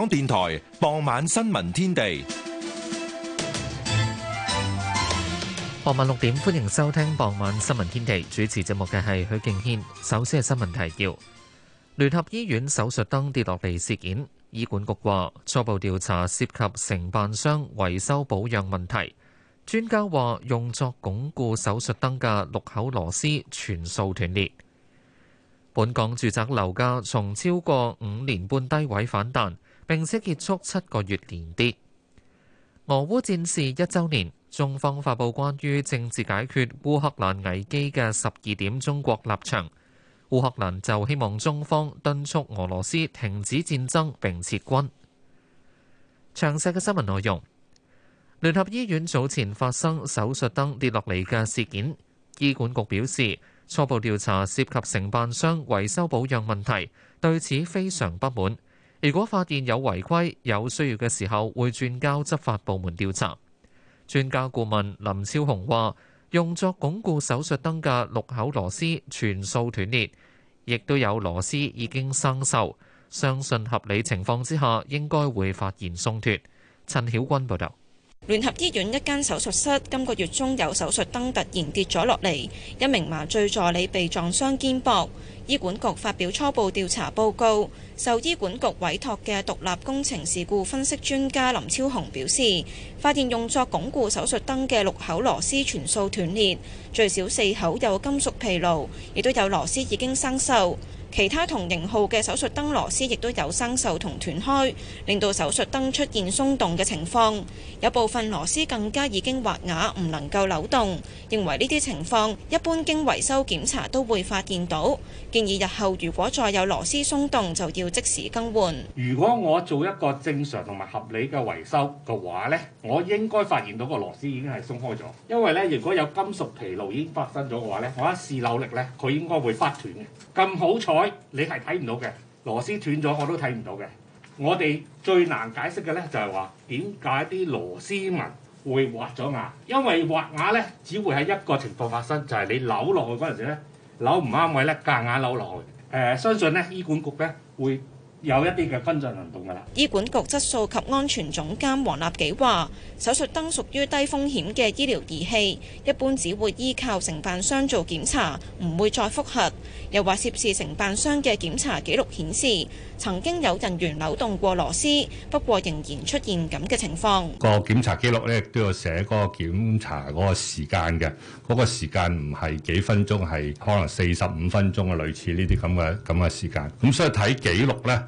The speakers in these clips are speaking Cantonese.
香港電台傍晚新聞天地，傍晚六點，歡迎收聽傍晚新聞天地。主持節目嘅係許敬軒。首先係新聞提要：聯合醫院手術燈跌落地事件，醫管局話初步調查涉及承辦商維修保養問題。專家話用作鞏固手術燈嘅六口螺絲全數斷裂。本港住宅樓價從超過五年半低位反彈。並且結束七個月連跌。俄烏戰事一周年，中方發佈關於政治解決烏克蘭危機嘅十二點中國立場。烏克蘭就希望中方敦促俄羅斯停止戰爭，並撤軍。詳細嘅新聞內容。聯合醫院早前發生手術燈跌落嚟嘅事件，醫管局表示，初步調查涉及承辦商維修保養問題，對此非常不滿。如果發現有違規，有需要嘅時候會轉交執法部門調查。專家顧問林超雄話：用作鞏固手術燈嘅六口螺絲全數斷裂，亦都有螺絲已經生鏽，相信合理情況之下應該會發現鬆脱。陳曉君報道。聯合醫院一間手術室今個月中有手術燈突然跌咗落嚟，一名麻醉助理被撞傷肩膊。醫管局發表初步調查報告，受醫管局委託嘅獨立工程事故分析專家林超雄表示，發現用作鞏固手術燈嘅六口螺絲全數斷裂，最少四口有金屬疲勞，亦都有螺絲已經生鏽。其他同型號嘅手術燈螺絲亦都有生鏽同斷開，令到手術燈出現鬆動嘅情況。有部分螺絲更加已經滑牙，唔能夠扭動。認為呢啲情況一般經維修檢查都會發現到，建議日後如果再有螺絲鬆動，就要即時更換。如果我做一個正常同埋合理嘅維修嘅話呢，我應該發現到個螺絲已經係鬆開咗，因為呢如果有金屬疲勞已經發生咗嘅話呢，我一試扭力呢，佢應該會崩斷嘅。咁好彩，你係睇唔到嘅，螺絲斷咗我都睇唔到嘅。我哋最難解釋嘅呢，就係話點解啲螺絲紋會滑咗牙？因為滑牙呢，只會喺一個情況發生，就係、是、你扭落去嗰陣時呢，扭唔啱位呢，夾硬，硬扭落去。誒、呃，相信呢醫管局呢會。有一啲嘅跟進行動㗎啦。醫管局質素及安全總監黃立紀話，手術燈屬於低風險嘅醫療儀器，一般只會依靠承辦商做檢查，唔會再複核。又話涉事承辦商嘅檢查記錄顯示，曾經有人員扭動過螺絲，不過仍然出現咁嘅情況。個檢查記錄咧都要寫嗰個檢查嗰個時間嘅，嗰個時間唔係幾分鐘，係可能四十五分鐘啊，類似呢啲咁嘅咁嘅時間。咁所以睇記錄咧。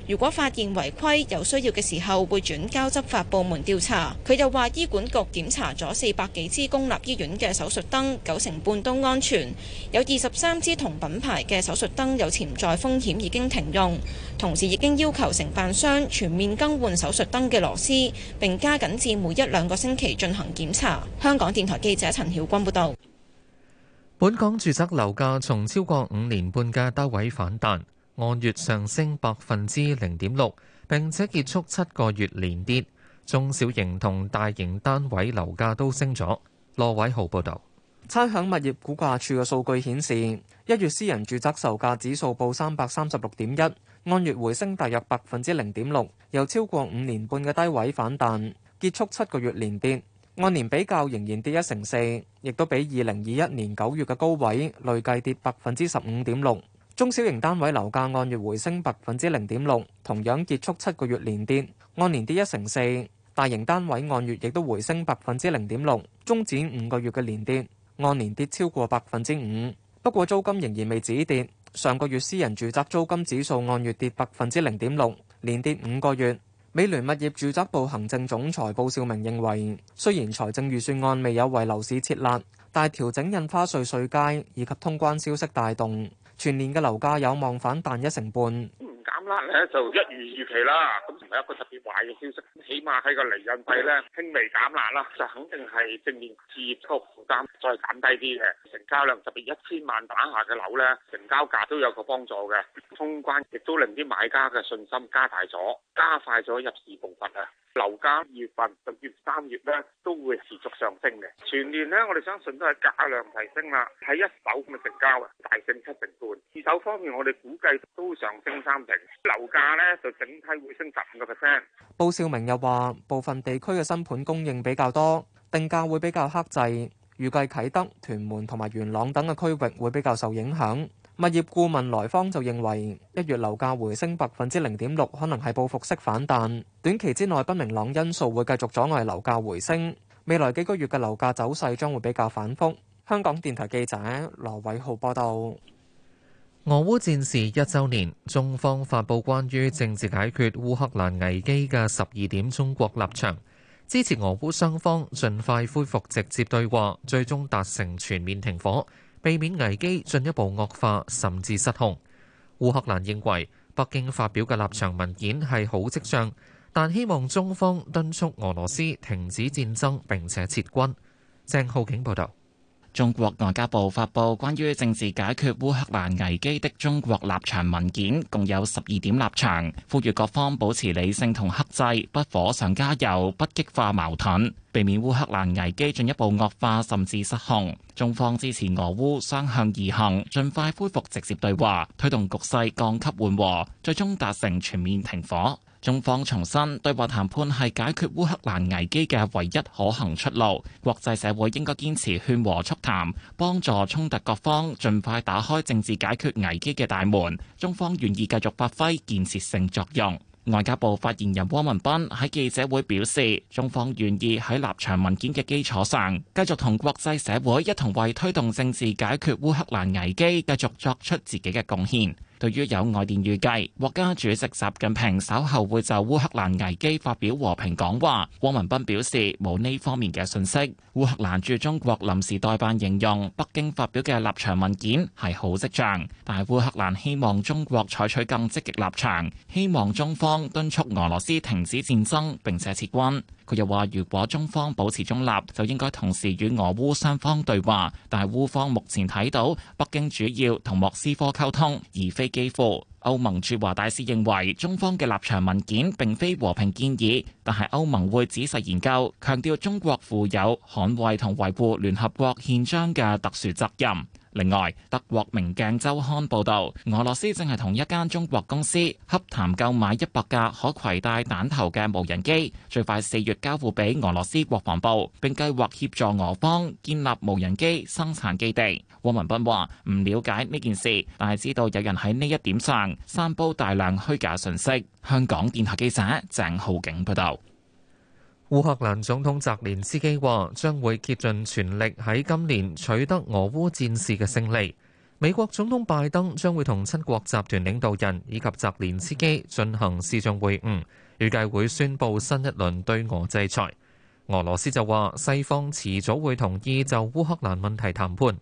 如果發現違規，有需要嘅時候會轉交執法部門調查。佢又話，醫管局檢查咗四百幾支公立醫院嘅手術燈，九成半都安全。有二十三支同品牌嘅手術燈有潛在風險，已經停用。同時已經要求承辦商全面更換手術燈嘅螺絲，並加緊至每一兩個星期進行檢查。香港電台記者陳曉君報道。本港住宅樓價從超過五年半嘅低位反彈。按月上升百分之零點六，並且結束七個月連跌。中小型同大型單位樓價都升咗。羅偉豪報道，差餉物業估價署嘅數據顯示，一月私人住宅售價指數報三百三十六點一，按月回升大約百分之零點六，由超過五年半嘅低位反彈，結束七個月連跌。按年比較仍然跌一成四，亦都比二零二一年九月嘅高位累計跌百分之十五點六。中小型單位樓價按月回升百分之零點六，同樣結束七個月連跌，按年跌一成四。大型單位按月亦都回升百分之零點六，終止五個月嘅連跌，按年跌超過百分之五。不過租金仍然未止跌，上個月私人住宅租，租金指數按月跌百分之零點六，連跌五個月。美聯物業住宅部行政總裁布少明認為，雖然財政預算案未有為樓市設立，但調整印花稅稅階以及通關消息帶動。全年嘅樓價有望反彈一成半，唔減辣咧就一如預期啦。咁唔係一個特別壞嘅消息，起碼喺個釐印費咧輕微減辣啦，就肯定係正面置業個負擔再減低啲嘅成交量，特別一千萬打下嘅樓咧成交價都有個幫助嘅。通關亦都令啲買家嘅信心加大咗，加快咗入市步伐啊！樓價二月份到月三月咧，都會持續上升嘅。全年咧，我哋相信都係價量提升啦。喺一手咁嘅成交啊，大升七成半。二手方面，我哋估計都上升三成。樓價咧就整體會升十五個 percent。布少明又話，部分地區嘅新盤供應比較多，定價會比較克制。預計啟德、屯門同埋元朗等嘅區域會比較受影響。物業顧問萊坊就認為，一月樓價回升百分之零點六，可能係報復式反彈。短期之內不明朗因素會繼續阻礙樓價回升。未來幾個月嘅樓價走勢將會比較反復。香港電台記者羅偉浩報道：俄烏戰事一周年，中方發布關於政治解決烏克蘭危機嘅十二點中國立場，支持俄烏雙方盡快恢復直接對話，最終達成全面停火。避免危機進一步惡化甚至失控，烏克蘭認為北京發表嘅立場文件係好跡象，但希望中方敦促俄羅斯停止戰爭並且撤軍。鄭浩景報導。中國外交部發佈關於政治解決烏克蘭危機的中國立場文件，共有十二點立場，呼籲各方保持理性同克制，不火上加油，不激化矛盾，避免烏克蘭危機進一步惡化甚至失控。中方支持俄烏雙向而行，盡快恢復直接對話，推動局勢降級緩和，最終達成全面停火。中方重申，對話談判係解決烏克蘭危機嘅唯一可行出路。國際社會應該堅持勸和促談，幫助衝突各方盡快打開政治解決危機嘅大門，中方願意繼續發揮建設性作用。外交部發言人汪文斌喺記者會表示，中方願意喺立場文件嘅基礎上，繼續同國際社會一同為推動政治解決烏克蘭危機繼續作出自己嘅貢獻。對於有外電預計，國家主席習近平稍後會就烏克蘭危機發表和平講話，汪文斌表示冇呢方面嘅信息。烏克蘭駐中國臨時代辦形容北京發表嘅立場文件係好跡象，但係烏克蘭希望中國採取更積極立場，希望中方敦促俄羅斯停止戰爭並且撤軍。佢又話：如果中方保持中立，就應該同時與俄烏雙方對話。但係烏方目前睇到北京主要同莫斯科溝通，而非基輔。歐盟駐華大使認為中方嘅立場文件並非和平建議，但係歐盟會仔細研究。強調中國負有捍衛同維護聯合國憲章嘅特殊責任。另外，德國明鏡周刊報導，俄羅斯正係同一間中國公司洽談購買一百架可攜帶彈頭嘅無人機，最快四月交付俾俄羅斯國防部，並計劃協助俄方建立無人機生產基地。汪文斌話：唔了解呢件事，但係知道有人喺呢一點上散佈大量虛假信息。香港電台記者鄭浩景報道。烏克蘭總統澤連斯基話將會竭盡全力喺今年取得俄烏戰事嘅勝利。美國總統拜登將會同七國集團領導人以及澤連斯基進行視像會晤，預計會宣布新一輪對俄制裁。俄羅斯就話西方遲早會同意就烏克蘭問題談判。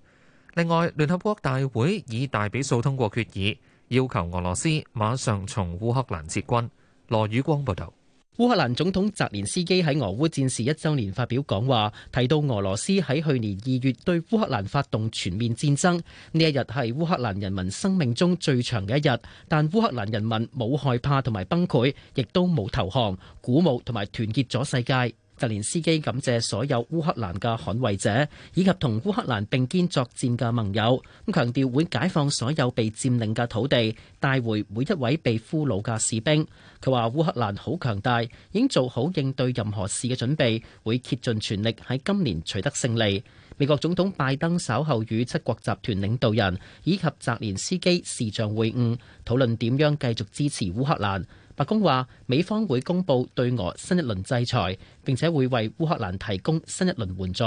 另外，聯合國大會以大比數通過決議，要求俄羅斯馬上從烏克蘭撤軍。羅宇光報道。烏克蘭總統澤連斯基喺俄烏戰事一周年發表講話，提到俄羅斯喺去年二月對烏克蘭發動全面戰爭，呢一日係烏克蘭人民生命中最長嘅一日，但烏克蘭人民冇害怕同埋崩潰，亦都冇投降，鼓舞同埋團結咗世界。澤連斯基感謝所有烏克蘭嘅捍衛者以及同烏克蘭並肩作戰嘅盟友，咁強調會解放所有被佔領嘅土地，帶回每一位被俘虜嘅士兵。佢話烏克蘭好強大，已經做好應對任何事嘅準備，會竭盡全力喺今年取得勝利。美國總統拜登稍後與七國集團領導人以及澤連斯基視像會晤，討論點樣繼續支持烏克蘭。白宮話，美方會公布對俄新一輪制裁，並且會為烏克蘭提供新一輪援助。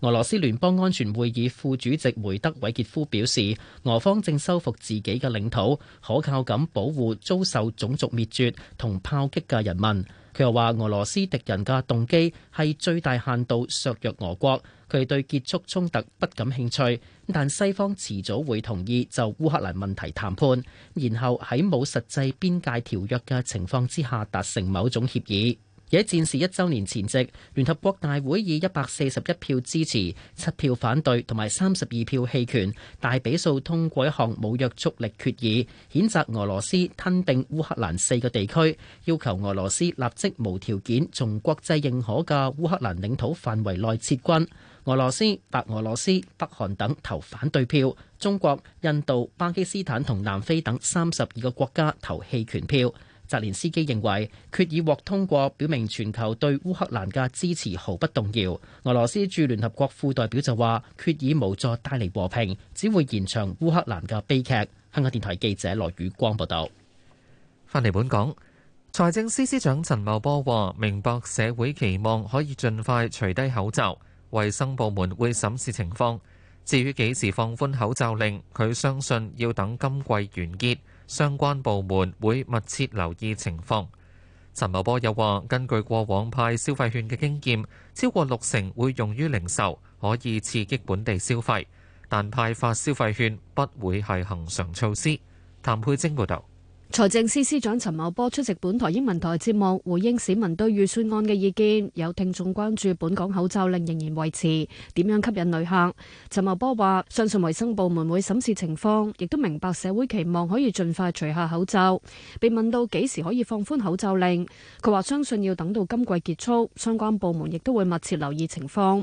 俄羅斯聯邦安全會議副主席梅德韋傑夫表示，俄方正收復自己嘅領土，可靠咁保護遭受種族滅絕同炮擊嘅人民。佢又話，俄羅斯敵人嘅動機係最大限度削弱俄國，佢哋對結束衝突不感興趣。但西方遲早會同意就烏克蘭問題談判，然後喺冇實際邊界條約嘅情況之下達成某種協議。而喺戰時一週年前夕，聯合國大會以一百四十一票支持、七票反對同埋三十二票棄權，大比數通過一項冇約束力決議，譴責俄羅斯吞併烏克蘭四個地區，要求俄羅斯立即無條件從國際認可嘅烏克蘭領土範圍內撤軍。俄羅斯、白俄羅斯、北韓等投反對票；中國、印度、巴基斯坦同南非等三十二個國家投棄權票。澤連斯基認為決議獲通過，表明全球對烏克蘭嘅支持毫不動搖。俄羅斯駐聯合國副代表就話決議無助帶嚟和平，只會延長烏克蘭嘅悲劇。香港電台記者羅宇光報道。翻嚟本港，財政司司司長陳茂波話：明白社會期望可以盡快除低口罩。衛生部門會審視情況，至於幾時放寬口罩令，佢相信要等今季完結，相關部門會密切留意情況。陳茂波又話：根據過往派消費券嘅經驗，超過六成會用於零售，可以刺激本地消費，但派發消費券不會係恆常措施。譚佩晶報道。財政司司長陳茂波出席本台英文台節目，回應市民對預算案嘅意見。有聽眾關注本港口罩令仍然維持，點樣吸引旅客？陳茂波話：相信衛生部門會審視情況，亦都明白社會期望可以盡快除下口罩。被問到幾時可以放寬口罩令，佢話相信要等到今季結束，相關部門亦都會密切留意情況。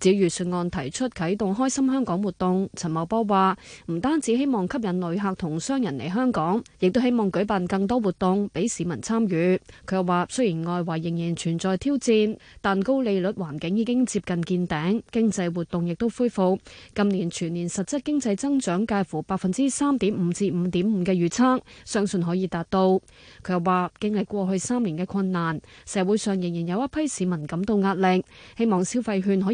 至於預算案提出啟動開心香港活動，陳茂波話：唔單止希望吸引旅客同商人嚟香港，亦都希望舉辦更多活動俾市民參與。佢又話：雖然外圍仍然存在挑戰，但高利率環境已經接近見頂，經濟活動亦都恢復。今年全年實質經濟增長介乎百分之三點五至五點五嘅預測，相信可以達到。佢又話：經歷過去三年嘅困難，社會上仍然有一批市民感到壓力，希望消費券可以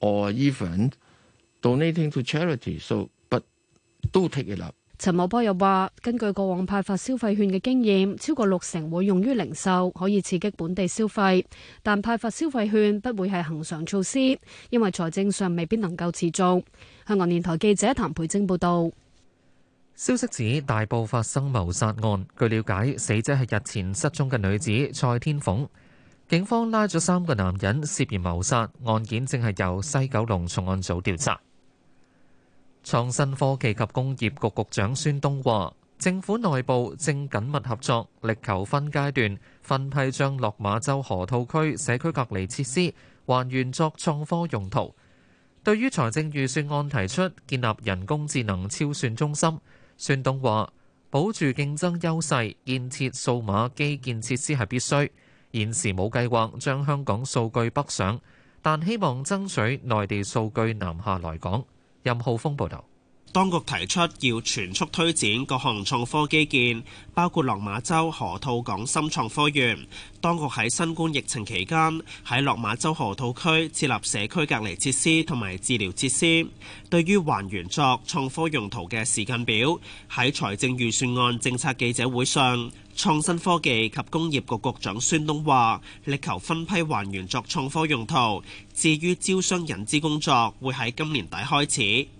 或 even donating to charity，so but 都 take it up。陳茂波又話：根據過往派發消費券嘅經驗，超過六成會用於零售，可以刺激本地消費。但派發消費券不會係恒常措施，因為財政上未必能夠持續。香港電台記者譚培晶報導。消息指大埔發生謀殺案，據了解死者係日前失蹤嘅女子蔡天鳳。警方拉咗三個男人涉嫌謀殺，案件正係由西九龍重案組調查。創新科技及工業局局長孫東話：政府內部正緊密合作，力求分階段分批將落馬洲河套區社區隔離設施還原作創科用途。對於財政預算案提出建立人工智能超算中心，孫東話：保住競爭優勢，建設數碼基建設施係必須。現時冇計劃將香港數據北上，但希望爭取內地數據南下來港。任浩峰報道。當局提出要全速推展各項創科基建，包括落馬洲河套港深創科園。當局喺新冠疫情期間喺落馬洲河套區設立社區隔離設施同埋治療設施，對於還原作創科用途嘅時間表喺財政預算案政策記者會上，創新科技及工業局局局長孫東話：力求分批還原作創科用途。至於招商引資工作，會喺今年底開始。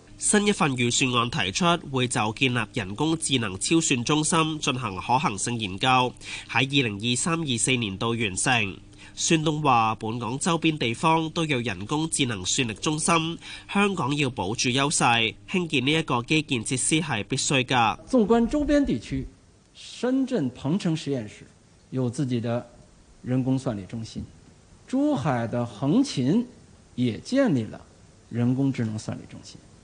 新一份預算案提出會就建立人工智能超算中心進行可行性研究，喺二零二三、二四年度完成。孫東話：本港周邊地方都有人工智能算力中心，香港要保住優勢，興建呢一個基建設施係必須㗎。縱觀周邊地區，深圳、鵬城實驗室有自己的人工算力中心，珠海的橫琴也建立了人工智能算力中心。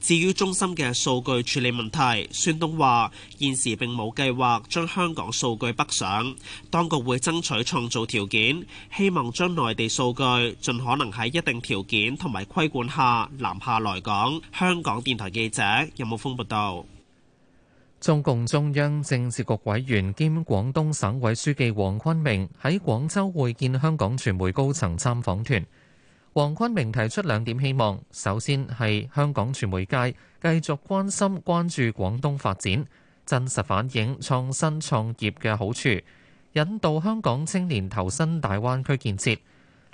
至於中心嘅數據處理問題，孫東話：現時並冇計劃將香港數據北上，當局會爭取創造條件，希望將內地數據盡可能喺一定條件同埋規管下南下來港。香港電台記者任武峯報道。中共中央政治局委員兼廣東省委書記黃坤明喺廣州會見香港傳媒高層參訪團。黃坤明提出兩點希望，首先係香港傳媒界繼續關心關注廣東發展，真實反映創新創業嘅好處，引導香港青年投身大灣區建設。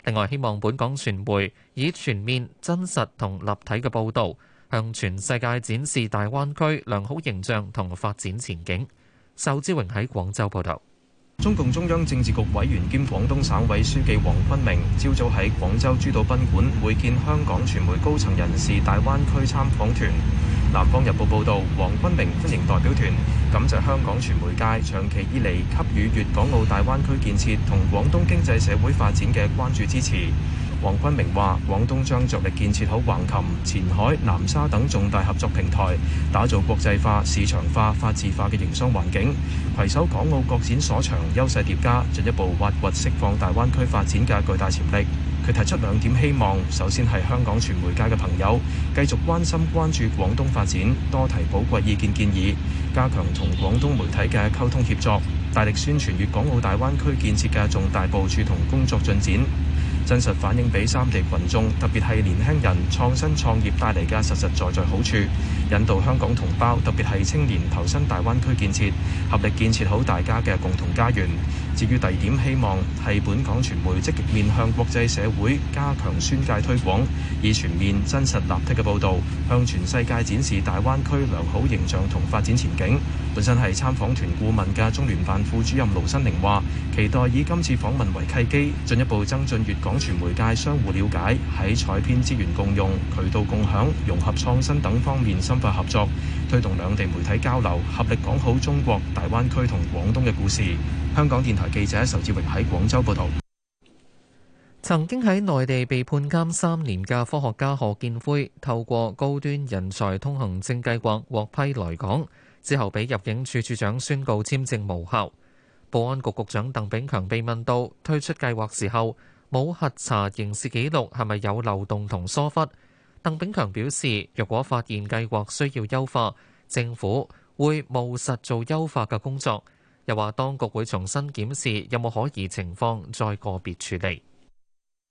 另外，希望本港傳媒以全面、真實同立體嘅報導，向全世界展示大灣區良好形象同發展前景。仇志榮喺廣州報道。中共中央政治局委員兼廣東省委書記黃坤明朝早喺廣州珠島賓館會見香港傳媒高層人士大灣區參訪團。南方日報報道，黃坤明歡迎代表團，感謝香港傳媒界長期以嚟給予粵港澳大灣區建設同廣東經濟社會發展嘅關注支持。黃坤明話：廣東將著力建設好橫琴、前海、南沙等重大合作平台，打造國際化、市場化、法治化嘅營商環境，攜手港澳各展所長、優勢疊加，進一步挖掘釋放大灣區發展嘅巨大潛力。佢提出兩點希望：首先係香港傳媒界嘅朋友繼續關心關注廣東發展，多提寶貴意見建議，加強同廣東媒體嘅溝通協作，大力宣傳粵港澳大灣區建設嘅重大部署同工作進展。真實反映俾三地群眾，特別係年輕人創新創業帶嚟嘅實實在在好處，引導香港同胞，特別係青年投身大灣區建設，合力建設好大家嘅共同家園。至於第點希望係本港傳媒積極面向國際社會，加強宣介推廣，以全面真實立體嘅報導，向全世界展示大灣區良好形象同發展前景。本身係參訪團顧問嘅中聯辦副主任盧新寧話：期待以今次訪問為契機，進一步增進粵港傳媒界相互了解，喺採編資源共用、渠道共享、融合創新等方面深化合作。推動兩地媒體交流，合力講好中國大灣區同廣東嘅故事。香港電台記者仇志榮喺廣州報道。曾經喺內地被判監三年嘅科學家何建輝，透過高端人才通行證計劃獲批來港，之後被入境處處長宣告簽證無效。保安局局長鄧炳強被問到推出計劃時候冇核查刑事記錄係咪有漏洞同疏忽？鄧炳強表示，若果發現計劃需要優化，政府會務實做優化嘅工作。又話當局會重新檢視有冇可疑情況，再個別處理。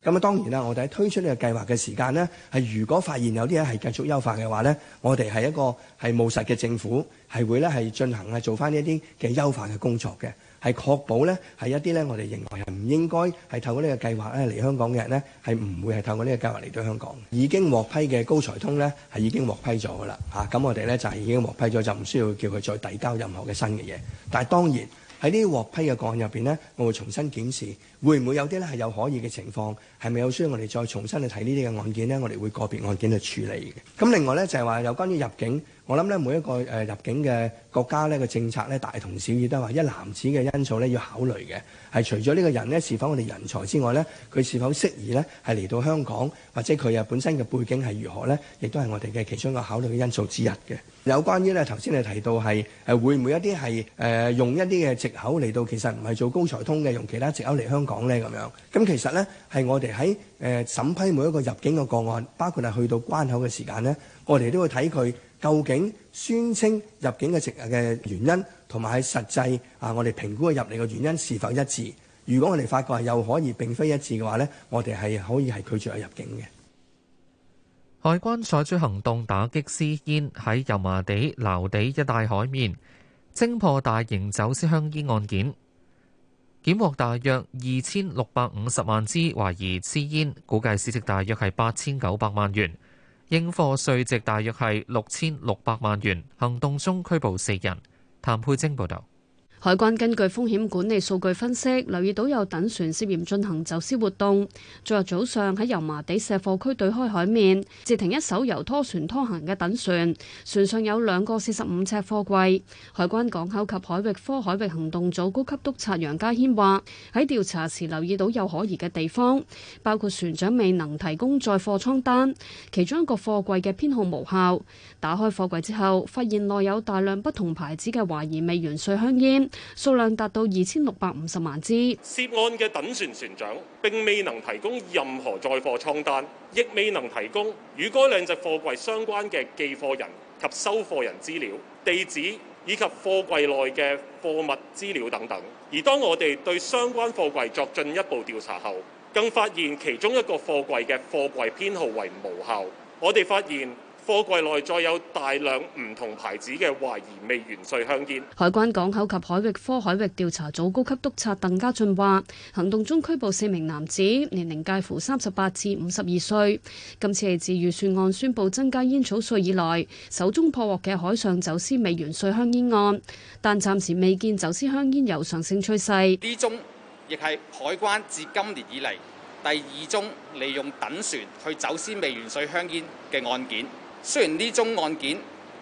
咁啊，當然啦，我哋喺推出呢個計劃嘅時間咧，係如果發現有啲嘢係繼續優化嘅話咧，我哋係一個係務實嘅政府，係會咧係進行係做翻呢一啲嘅優化嘅工作嘅。係確保咧，係一啲咧，我哋認為係唔應該係透過呢個計劃咧嚟香港嘅人呢，係唔會係透過呢個計劃嚟到香港。已經獲批嘅高才通呢，係已經獲批咗噶啦。嚇、啊，咁我哋呢，就係已經獲批咗，就唔需要叫佢再遞交任何嘅新嘅嘢。但係當然喺呢啲獲批嘅個案入邊呢，我會重新檢視，會唔會有啲呢係有可疑嘅情況，係咪有需要我哋再重新去睇呢啲嘅案件呢？我哋會個別案件去處理嘅。咁另外呢，就係話有關於入境。我諗咧，每一個誒入境嘅國家呢嘅政策咧，大同小異，都係話一籃子嘅因素咧，要考慮嘅係除咗呢個人呢是否我哋人才之外咧，佢是否適宜咧係嚟到香港，或者佢啊本身嘅背景係如何咧，亦都係我哋嘅其中一個考慮嘅因素之一嘅。有關於咧頭先你提到係係會唔會一啲係誒用一啲嘅藉口嚟到，其實唔係做高才通嘅，用其他藉口嚟香港咧咁樣。咁其實咧係我哋喺誒審批每一個入境嘅個案，包括係去到關口嘅時間咧，我哋都會睇佢。究竟宣稱入境嘅籍嘅原因，同埋喺實際啊，我哋評估嘅入嚟嘅原因是否一致？如果我哋發覺又可以並非一致嘅話呢，我哋係可以係拒絕佢入境嘅。海關採取行動打擊私煙，喺油麻地、樓地一帶海面，偵破大型走私香煙案件，檢獲大約二千六百五十萬支懷疑私煙，估計市值大約係八千九百萬元。應課稅值大約係六千六百萬元，行動中拘捕四人。譚佩晶報導。海關根據風險管理數據分析，留意到有等船涉嫌進行走私活動。昨日早上喺油麻地卸貨區對開海面，截停一艘由拖船拖行嘅等船，船上有兩個四十五尺貨櫃。海關港口及海域科海域行動組高級督察楊家軒話：喺調查時留意到有可疑嘅地方，包括船長未能提供載貨倉單，其中一個貨櫃嘅編號無效。打開貨櫃之後，發現內有大量不同牌子嘅懷疑未完稅香煙。數量達到二千六百五十萬支。涉案嘅等船船長，並未能提供任何載貨艙單，亦未能提供與該兩隻貨櫃相關嘅寄貨人及收貨人資料、地址以及貨櫃內嘅貨物資料等等。而當我哋對相關貨櫃作進一步調查後，更發現其中一個貨櫃嘅貨櫃編號為無效。我哋發現。貨櫃內再有大量唔同牌子嘅懷疑未完稅香煙。海關港口及海域科海域調查組高級督察鄧家俊話，行動中拘捕四名男子，年齡介乎三十八至五十二歲。今次係自預算案宣布增加煙草稅以來，首宗破獲嘅海上走私未完稅香煙案，但暫時未見走私香煙有上升趨勢。呢宗亦係海關自今年以嚟第二宗利用等船去走私未完稅香煙嘅案件。雖然呢宗案件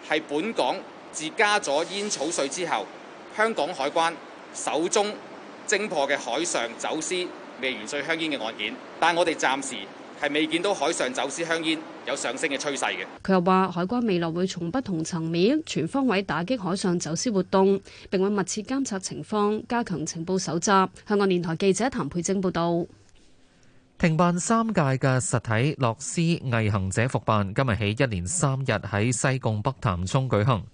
係本港自加咗煙草稅之後，香港海關首宗偵破嘅海上走私未完稅香煙嘅案件，但我哋暫時係未見到海上走私香煙有上升嘅趨勢嘅。佢又話，海關未來會從不同層面、全方位打擊海上走私活動，並會密切監察情況，加強情報搜集。香港電台記者譚佩晶報道。停辦三屆嘅實體樂施毅行者復辦，今日起一連三日喺西貢北潭涌舉行，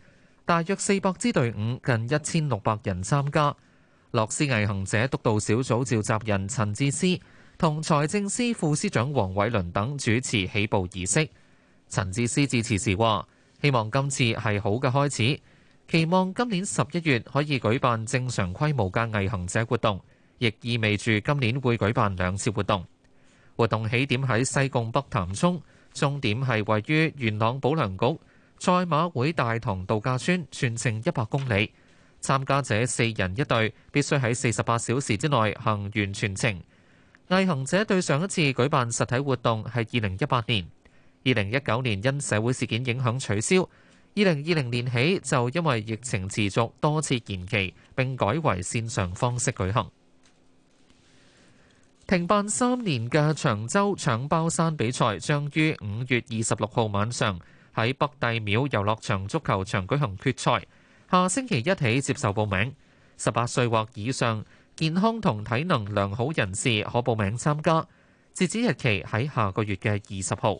大約四百支隊伍，近一千六百人參加。樂施毅行者督導小組召集人陳智思同財政司副司長黃偉倫等主持起步儀式。陳智思致辭時話：希望今次係好嘅開始，期望今年十一月可以舉辦正常規模嘅毅行者活動，亦意味住今年會舉辦兩次活動。活動起點喺西貢北潭涌，終點係位於元朗保良局賽馬會大棠度假村，全程一百公里。參加者四人一隊，必須喺四十八小時之內行完全程。毅行者對上一次舉辦實體活動係二零一八年，二零一九年因社會事件影響取消，二零二零年起就因為疫情持續多次延期，並改為線上方式舉行。停辦三年嘅長洲搶包山比賽，將於五月二十六號晚上喺北帝廟遊樂場足球場舉行決賽。下星期一起接受報名，十八歲或以上，健康同體能良好人士可報名參加。截止日期喺下個月嘅二十號。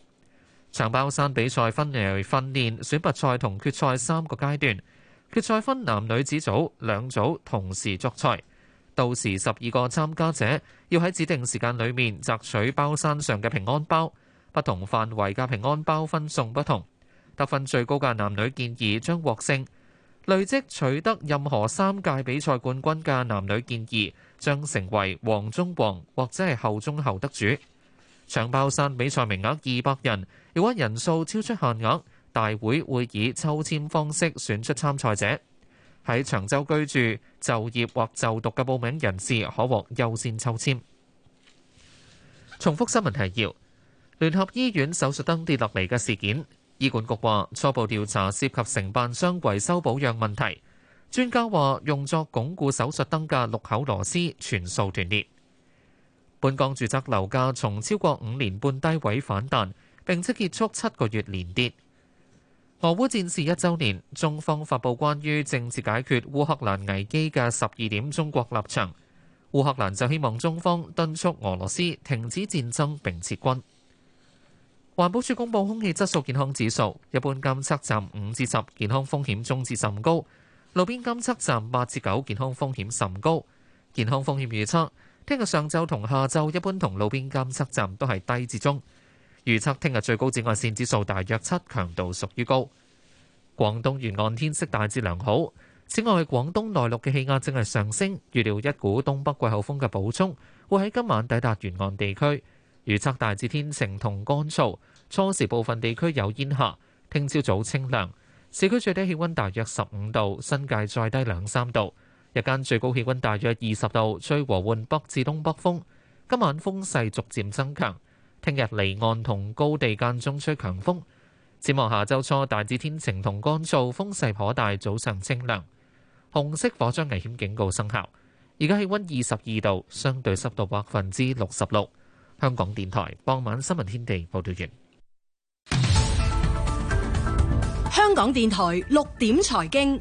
搶包山比賽分為訓練、選拔賽同決賽三個階段。決賽分男女子組兩組同時作賽，到時十二個參加者，要喺指定時間裏面摘取包山上嘅平安包，不同範圍嘅平安包分送不同。得分最高嘅男女健兒將獲勝。累積取得任何三屆比賽冠軍嘅男女健兒將成為王中王或者係後中後得主。搶包山比賽名額二百人，如果人數超出限額，大會會以抽籤方式選出參賽者。喺長洲居住、就業或就讀嘅報名人士可獲優先抽籤。重複新聞提要：聯合醫院手術燈跌落嚟嘅事件，醫管局話初步調查涉及承辦商維修保養問題。專家話用作鞏固手術燈嘅六口螺絲全數斷裂。本港住宅樓價從超過五年半低位反彈，並且結束七個月連跌。俄烏戰事一周年，中方發布關於政治解決烏克蘭危機嘅十二點中國立場。烏克蘭就希望中方敦促俄羅斯停止戰爭並撤軍。環保署公布空氣質素健康指數，一般監測站五至十，10, 健康風險中至甚高；路邊監測站八至九，9, 健康風險甚高。健康風險預測，聽日上晝同下晝，一般同路邊監測站都係低至中。預測聽日最高紫外線指數大約七，強度屬於高。廣東沿岸天色大致良好。此外，廣東內陸嘅氣壓正係上升，預料一股東北季候風嘅補充會喺今晚抵達沿岸地區。預測大致天晴同乾燥，初時部分地區有煙霞。聽朝早清涼，市區最低氣溫大約十五度，新界再低兩三度。日間最高氣溫大約二十度，吹和緩北至東北風。今晚風勢逐漸增強。聽日離岸同高地間中吹強風，展望下周初大致天晴同乾燥，風勢頗大，早上清涼。紅色火災危險警告生效，而家氣溫二十二度，相對濕度百分之六十六。香港電台傍晚新聞天地報道完。香港電台六點財經。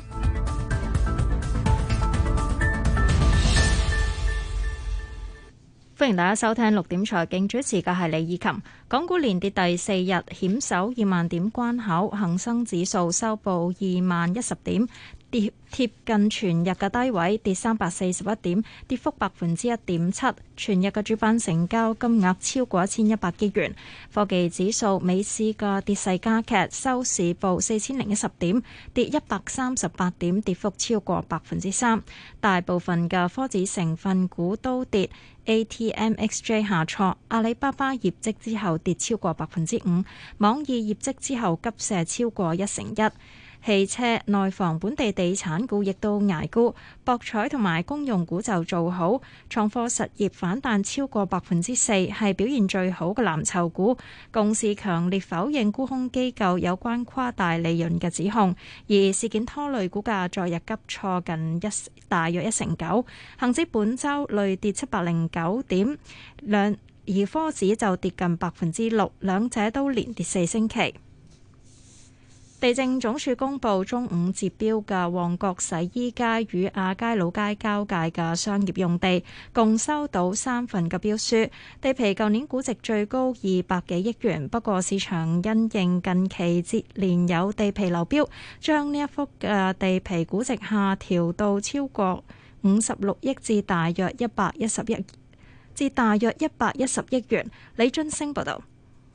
歡迎大家收聽六點財經，主持嘅係李綺琴。港股連跌第四日，險守二萬點關口，恒生指數收報二萬一十點，跌貼近全日嘅低位，跌三百四十一點，跌幅百分之一點七。全日嘅主板成交金額超過一千一百億元。科技指數尾市嘅跌勢加劇，收市報四千零一十點，跌一百三十八點，跌幅超過百分之三。大部分嘅科指成分股都跌，ATMXJ 下挫。阿里巴巴業績之後跌超過百分之五，網易業績之後急瀉超過一成一。汽車內房本地地產股亦都捱沽，博彩同埋公用股就做好，創科實業反彈超過百分之四，係表現最好嘅藍籌股。共事強烈否認沽空機構有關誇大利潤嘅指控，而事件拖累股價昨日急挫近一大約一成九，恆指本周累跌七百零九點，兩而科指就跌近百分之六，兩者都連跌四星期。地政總署公布中午截標嘅旺角洗衣街與亞皆老街交界嘅商業用地，共收到三份嘅標書。地皮舊年估值最高二百幾億元，不過市場因應近期接連有地皮流標，將呢一幅嘅，啊、地皮估值下調到超過五十六億至大約一百一十億至大約一百一十億元。李津升報導。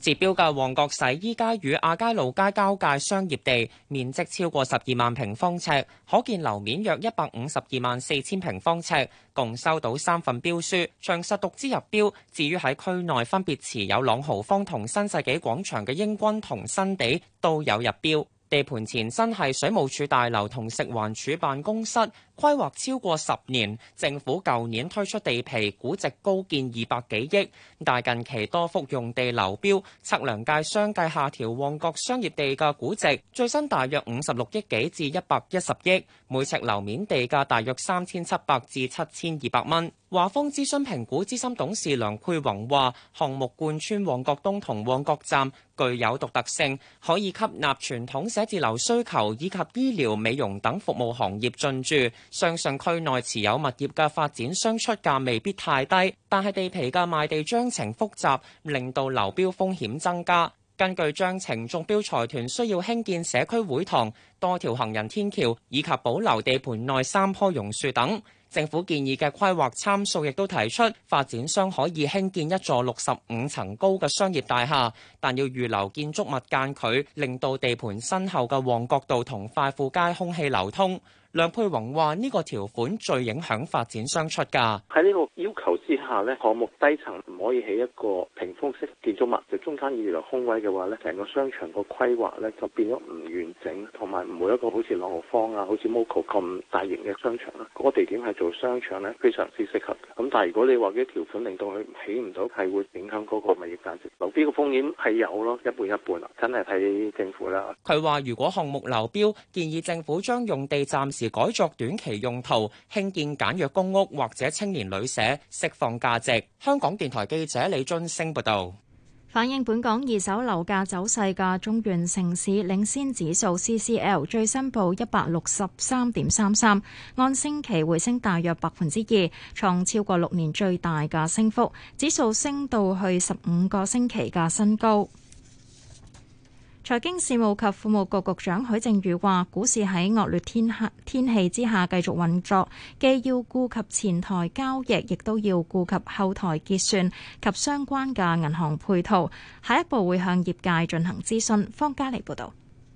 截標嘅旺角洗衣街與亞皆老街交界商業地，面積超過十二萬平方尺，可建樓面約一百五十二萬四千平方尺，共收到三份標書，詳實獨資入標。至於喺區內分別持有朗豪坊同新世紀廣場嘅鷹君同新地都有入標，地盤前身係水務署大樓同食環署辦公室。規劃超過十年，政府舊年推出地皮，估值高見二百幾億，但近期多幅用地流標，測量界商界下調旺角商業地價估值，最新大約五十六億幾至一百一十億，每尺樓面地價大約三千七百至七千二百蚊。華豐諮詢評估資深董事，董事梁佩宏話：項目貫穿旺角東同旺角站，具有獨特性，可以吸納傳統寫字樓需求以及醫療、美容等服務行業進駐。相信區內持有物業嘅發展商出價未必太低，但係地皮嘅賣地章程複雜，令到流標風險增加。根據章程，中標財團需要興建社區會堂、多條行人天橋以及保留地盤內三棵榕樹等。政府建議嘅規劃參數亦都提出，發展商可以興建一座六十五層高嘅商業大廈，但要預留建築物間距，令到地盤身後嘅旺角道同快富街空氣流通。梁佩宏話呢個條款最影響發展商出價。喺呢個要求之下呢，項目低層唔可以起一個屏風式建築物，就中間預留空位嘅話呢，成個商場個規劃呢就變咗唔完整，同埋唔冇一個好似朗豪坊啊、好似 MOKO 咁大型嘅商場啦。嗰個地點係做商場呢非常之適合。咁但係如果你話嘅條款令到佢起唔到，係會影響嗰個物業價值。流標嘅風險係有咯，一半一半啊，真係睇政府啦。佢話如果項目流標，建議政府將用地暫時。而改作短期用途，興建簡約公屋或者青年旅舍，釋放價值。香港電台記者李津升報道，反映本港二手樓價走勢嘅中原城市領先指數 CCL 最新報一百六十三點三三，按星期回升大約百分之二，創超過六年最大嘅升幅，指數升到去十五個星期嘅新高。財經事務及庫務局局長許正宇話，股市喺惡劣天下天氣之下繼續運作，既要顧及前台交易，亦都要顧及後台結算及相關嘅銀行配套。下一步會向業界進行諮詢。方家莉報道。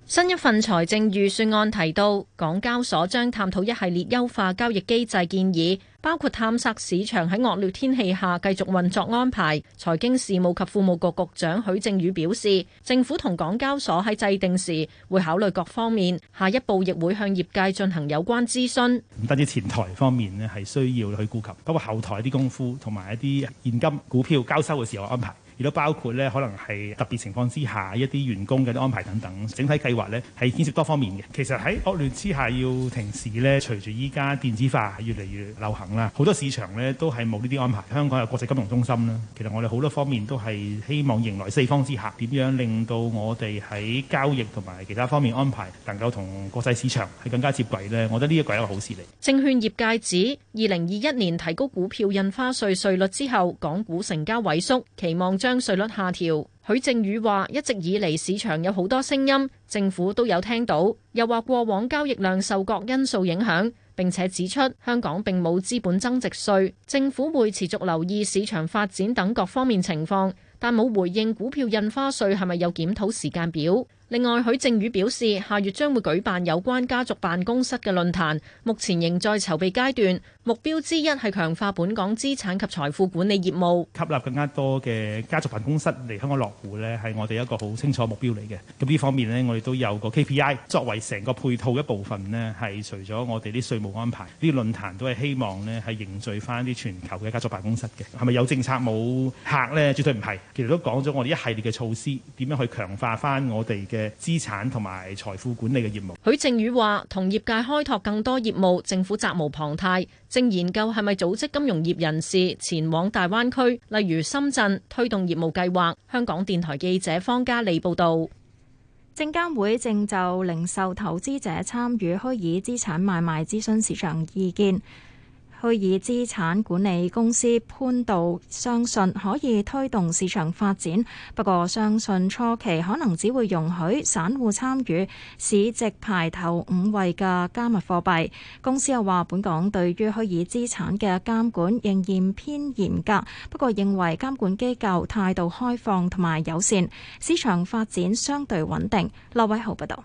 新一份財政預算案提到，港交所將探討一系列優化交易機制建議，包括探索市場喺惡劣天氣下繼續運作安排。財經事務及庫務局局長許正宇表示，政府同港交所喺制定時會考慮各方面，下一步亦會向業界進行有關諮詢。唔單止前台方面咧，係需要去顧及，包括後台啲功夫同埋一啲現金股票交收嘅時候安排。亦都包括咧，可能係特別情況之下一啲員工嘅安排等等，整體計劃呢，係牽涉多方面嘅。其實喺惡劣之下要停市呢，隨住依家電子化越嚟越流行啦，好多市場呢都係冇呢啲安排。香港有國際金融中心啦，其實我哋好多方面都係希望迎來四方之客，點樣令到我哋喺交易同埋其他方面安排能夠同國際市場係更加接軌咧？我覺得呢一個係一個好事嚟。證券業界指，二零二一年提高股票印花稅稅率之後，港股成交萎縮，期望將將稅率下調。許正宇話：一直以嚟市場有好多聲音，政府都有聽到。又話過往交易量受各因素影響，並且指出香港並冇資本增值稅，政府會持續留意市場發展等各方面情況，但冇回應股票印花稅係咪有檢討時間表。另外，許正宇表示，下月將會舉辦有關家族辦公室嘅論壇，目前仍在籌備階段。目標之一係強化本港資產及財富管理業務，吸納更加多嘅家族辦公室嚟香港落戶咧，係我哋一個好清楚目標嚟嘅。咁呢方面呢，我哋都有個 KPI 作為成個配套一部分呢，係除咗我哋啲稅務安排，啲論壇都係希望呢係凝聚翻啲全球嘅家族辦公室嘅。係咪有政策冇客咧？絕對唔係。其實都講咗我哋一系列嘅措施點樣去強化翻我哋嘅資產同埋財富管理嘅業務。許正宇話：同業界開拓更多業務，政府責無旁貸。正研究係咪組織金融業人士前往大灣區，例如深圳推動業務計劃。香港電台記者方嘉莉報導，證監會正就零售投資者參與虛擬資產買賣諮詢市場意見。虛擬資產管理公司潘道相信可以推動市場發展，不過相信初期可能只會容許散戶參與，市值排頭五位嘅加密貨幣。公司又話，本港對於虛擬資產嘅監管仍然偏嚴格，不過認為監管機構態度開放同埋友善，市場發展相對穩定。劉偉豪報道。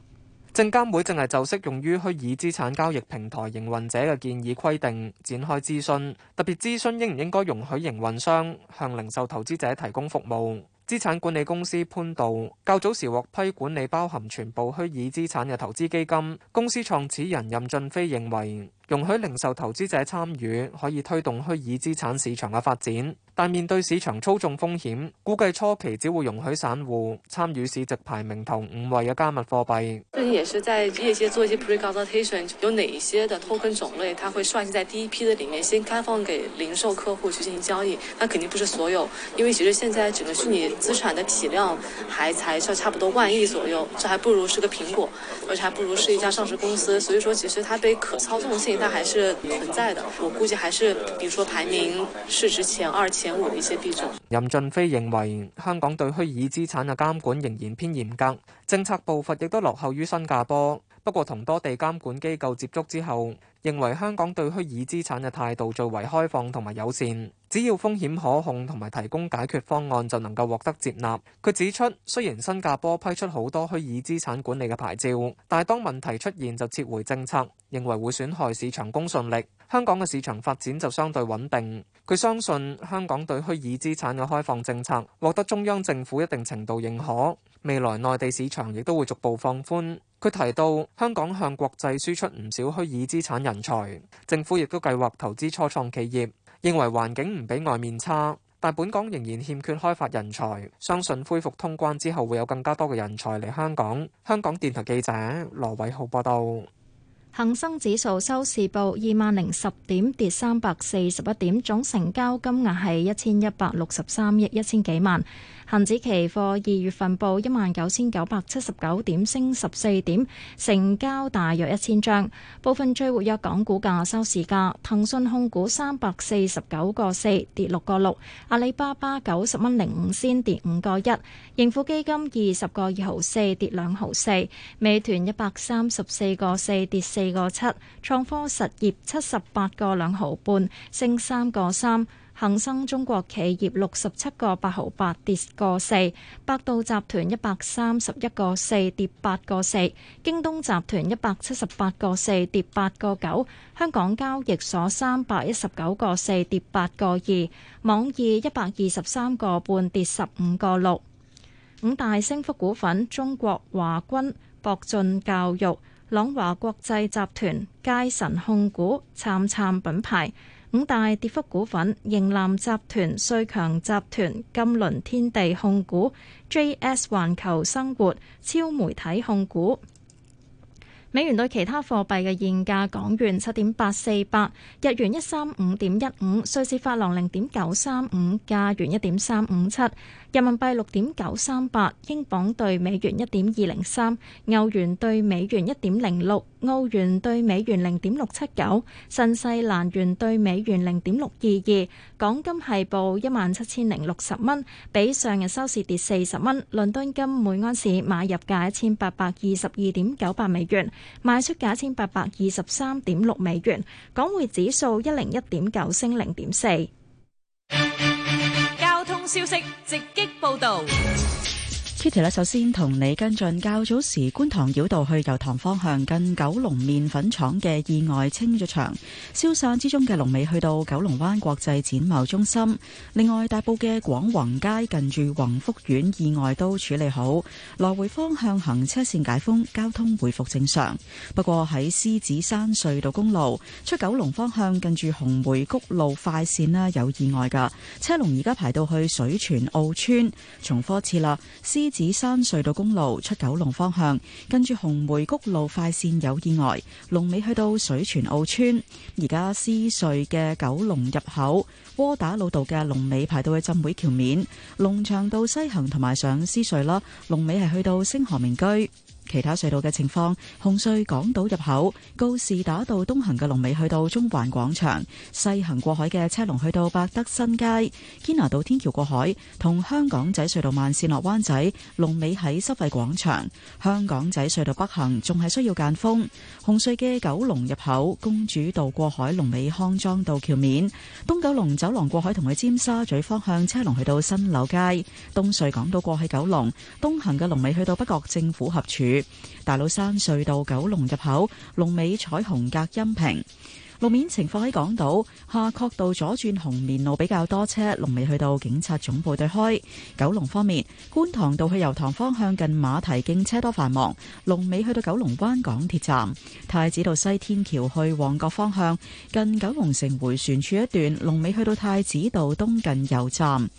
證監會正係就適用於虛擬資產交易平台營運者嘅建議規定展開諮詢，特別諮詢應唔應該容許營運商向零售投資者提供服務。資產管理公司潘道較早時獲批管理包含全部虛擬資產嘅投資基金，公司創始人任俊飛認為，容許零售投資者參與，可以推動虛擬資產市場嘅發展。但面對市場操縱風險，估計初期只會容許散戶參與市值排名同五位嘅加密貨幣。最近也是在業界做一些 pre consultation，有哪一些的 token 種類，它會率先在第一批的裡面先開放給零售客戶去進行交易。那肯定不是所有，因為其實現在整個虛擬資產的體量還才差差不多萬億左右，這還不如是一個蘋果，而且還不如是一家上市公司。所以說，其實它對可操縱性。但還是存在的，我估計還是，比如說排名市值前二、前五的一些幣種。任俊飛認為，香港對虛擬資產嘅監管仍然偏嚴格，政策步伐亦都落後於新加坡。不過，同多地監管機構接觸之後，認為香港對虛擬資產嘅態度最為開放同埋友善，只要風險可控同埋提供解決方案，就能夠獲得接納。佢指出，雖然新加坡批出好多虛擬資產管理嘅牌照，但係當問題出現就撤回政策，認為會損害市場公信力。香港嘅市場發展就相對穩定。佢相信香港對虛擬資產嘅開放政策獲得中央政府一定程度認可，未來內地市場亦都會逐步放寬。佢提到香港向國際輸出唔少虛擬資產人才，政府亦都計劃投資初創企業，認為環境唔比外面差，但本港仍然欠缺開發人才，相信恢復通關之後會有更加多嘅人才嚟香港。香港電台記者羅偉浩報道。恒生指數收市報二萬零十點，跌三百四十一點，總成交金額係一千一百六十三億一千幾萬。恒指期貨二月份報一萬九千九百七十九點，升十四點，成交大約一千張。部分最活躍港股價收市價：騰訊控股三百四十九個四，跌六個六；阿里巴巴九十蚊零五仙，跌五個一；盈富基金二十個二毫四，跌兩毫四；美團一百三十四個四，跌四個七；創科實業七十八個兩毫半，升三個三。恒生中國企業六十七個八毫八跌個四，百度集團一百三十一個四跌八個四，京東集團一百七十八個四跌八個九，香港交易所三百一十九個四跌八個二，網易一百二十三個半跌十五個六。五大升幅股份：中國華軍、博進教育、朗華國際集團、佳神控股、杉杉品牌。五大跌幅股份：盈南集團、瑞強集團、金輪天地控股、JS 環球生活、超媒體控股。美元對其他貨幣嘅現價：港元七點八四八，日元一三五點一五，瑞士法郎零點九三五，加元一點三五七，人民幣六點九三八，英鎊兌美元一點二零三，歐元兌美元一點零六。澳元對美元零點六七九，新西蘭元對美元零點六二二，港金係報一萬七千零六十蚊，比上日收市跌四十蚊。倫敦金每安士買入價一千八百二十二點九八美元，賣出價一千八百二十三點六美元。港匯指數一零一點九升零點四。交通消息直擊報道。Kitty 咧，Peter, 首先同你跟進較早時觀塘繞道去油塘方向近九龍麵粉廠嘅意外清咗場，消散之中嘅龍尾去到九龍灣國際展貿中心。另外，大埔嘅廣宏街近住宏福苑意外都處理好，來回方向行車線解封，交通回復正常。不過喺獅子山隧道公路出九龍方向近住紅梅谷路快線啦，有意外嘅車龍而家排到去水泉澳村從科次啦。獅紫山隧道公路出九龍方向，跟住紅梅谷路快線有意外，龍尾去到水泉澳村。而家獅隧嘅九龍入口，窩打老道嘅龍尾排到去浸會橋面，龍翔道西行同埋上獅隧啦，龍尾係去到星河名居。其他隧道嘅情況：紅隧港島入口，告士打道東行嘅龍尾去到中環廣場；西行過海嘅車龍去到百德新街。堅拿道天橋過海，同香港仔隧道慢線落灣仔，龍尾喺收費廣場。香港仔隧道北行仲係需要間風。紅隧嘅九龍入口，公主道過海龍尾康莊道橋面。東九龍走廊過海同佢尖沙咀方向車龍去到新柳街。東隧港島過去九龍，東行嘅龍尾去到北角政府合署。大老山隧道九龍入口，龍尾彩虹隔音屏。路面情況喺港島夏慤道左轉紅棉路比較多車，龍尾去到警察總部對開。九龍方面，觀塘道去油塘方向近馬蹄徑車多繁忙，龍尾去到九龍灣港鐵站。太子道西天橋去旺角方向近九龍城回旋處一段，龍尾去到太子道東近油站。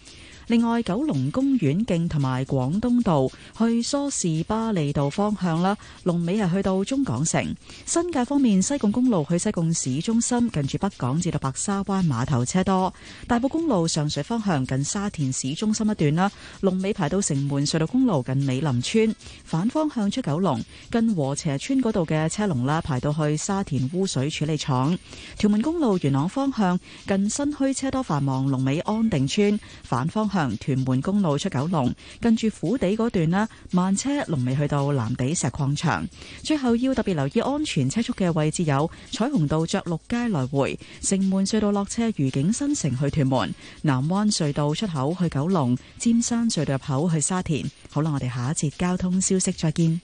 另外，九龍公園徑同埋廣東道去梳士巴利道方向啦，龍尾係去到中港城。新界方面，西貢公路去西貢市中心近住北港，至到白沙灣碼頭車多。大埔公路上水方向近沙田市中心一段啦，龍尾排到城門隧道公路近美林村，反方向出九龍近和斜村禾輋村度嘅車龍啦，排到去沙田污水處理廠。屯門公路元朗方向近新墟車多繁忙，龍尾安定村，反方向。屯門公路出九龍，近住虎地嗰段咧，慢車，龍尾去到藍地石礦場。最後要特別留意安全車速嘅位置有彩虹道、着陸街來回、城門隧道落車、愉景新城去屯門、南灣隧道出口去九龍、尖山隧道入口去沙田。好啦，我哋下一節交通消息再見。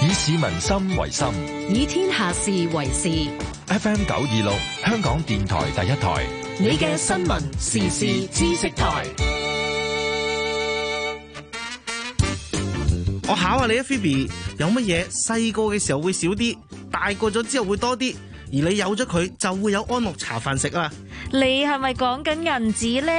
以市民心為心，以天下事為事。FM 九二六，香港電台第一台，你嘅新聞時事知識台。我考下你啊，Phoebe，有乜嘢細個嘅時候會少啲，大個咗之後會多啲，而你有咗佢就會有安樂茶飯食啊！你係咪講緊銀紙呢？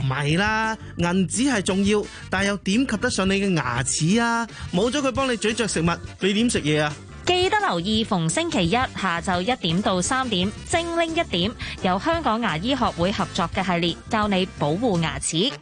唔係啦，銀紙係重要，但又點及得上你嘅牙齒啊？冇咗佢幫你咀嚼食物，你點食嘢啊？記得留意逢星期一下晝一點到三點，精靈一點，有香港牙醫學會合作嘅系列，教你保護牙齒。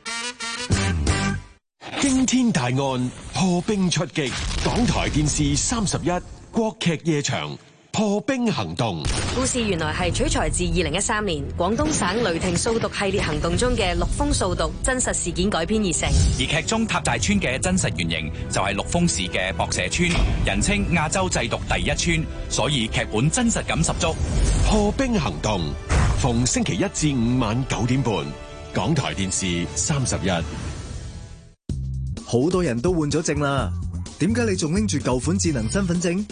驚天大案破冰出擊，港台電視三十一，國劇夜場。破冰行動，故事原來係取材自二零一三年廣東省雷霆掃毒系列行動中嘅陸豐掃毒，真實事件改編而成。而劇中塔寨村嘅真實原型就係陸豐市嘅博社村，人稱亞洲製毒第一村，所以劇本真實感十足。破冰行動，逢星期一至五晚九點半，港台電視三十一。好多人都換咗證啦，點解你仲拎住舊款智能身份證？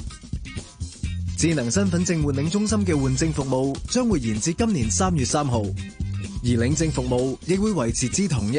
智能身份證換領中心嘅換證服務將會延至今年三月三號，而領證服務亦會維持至同一。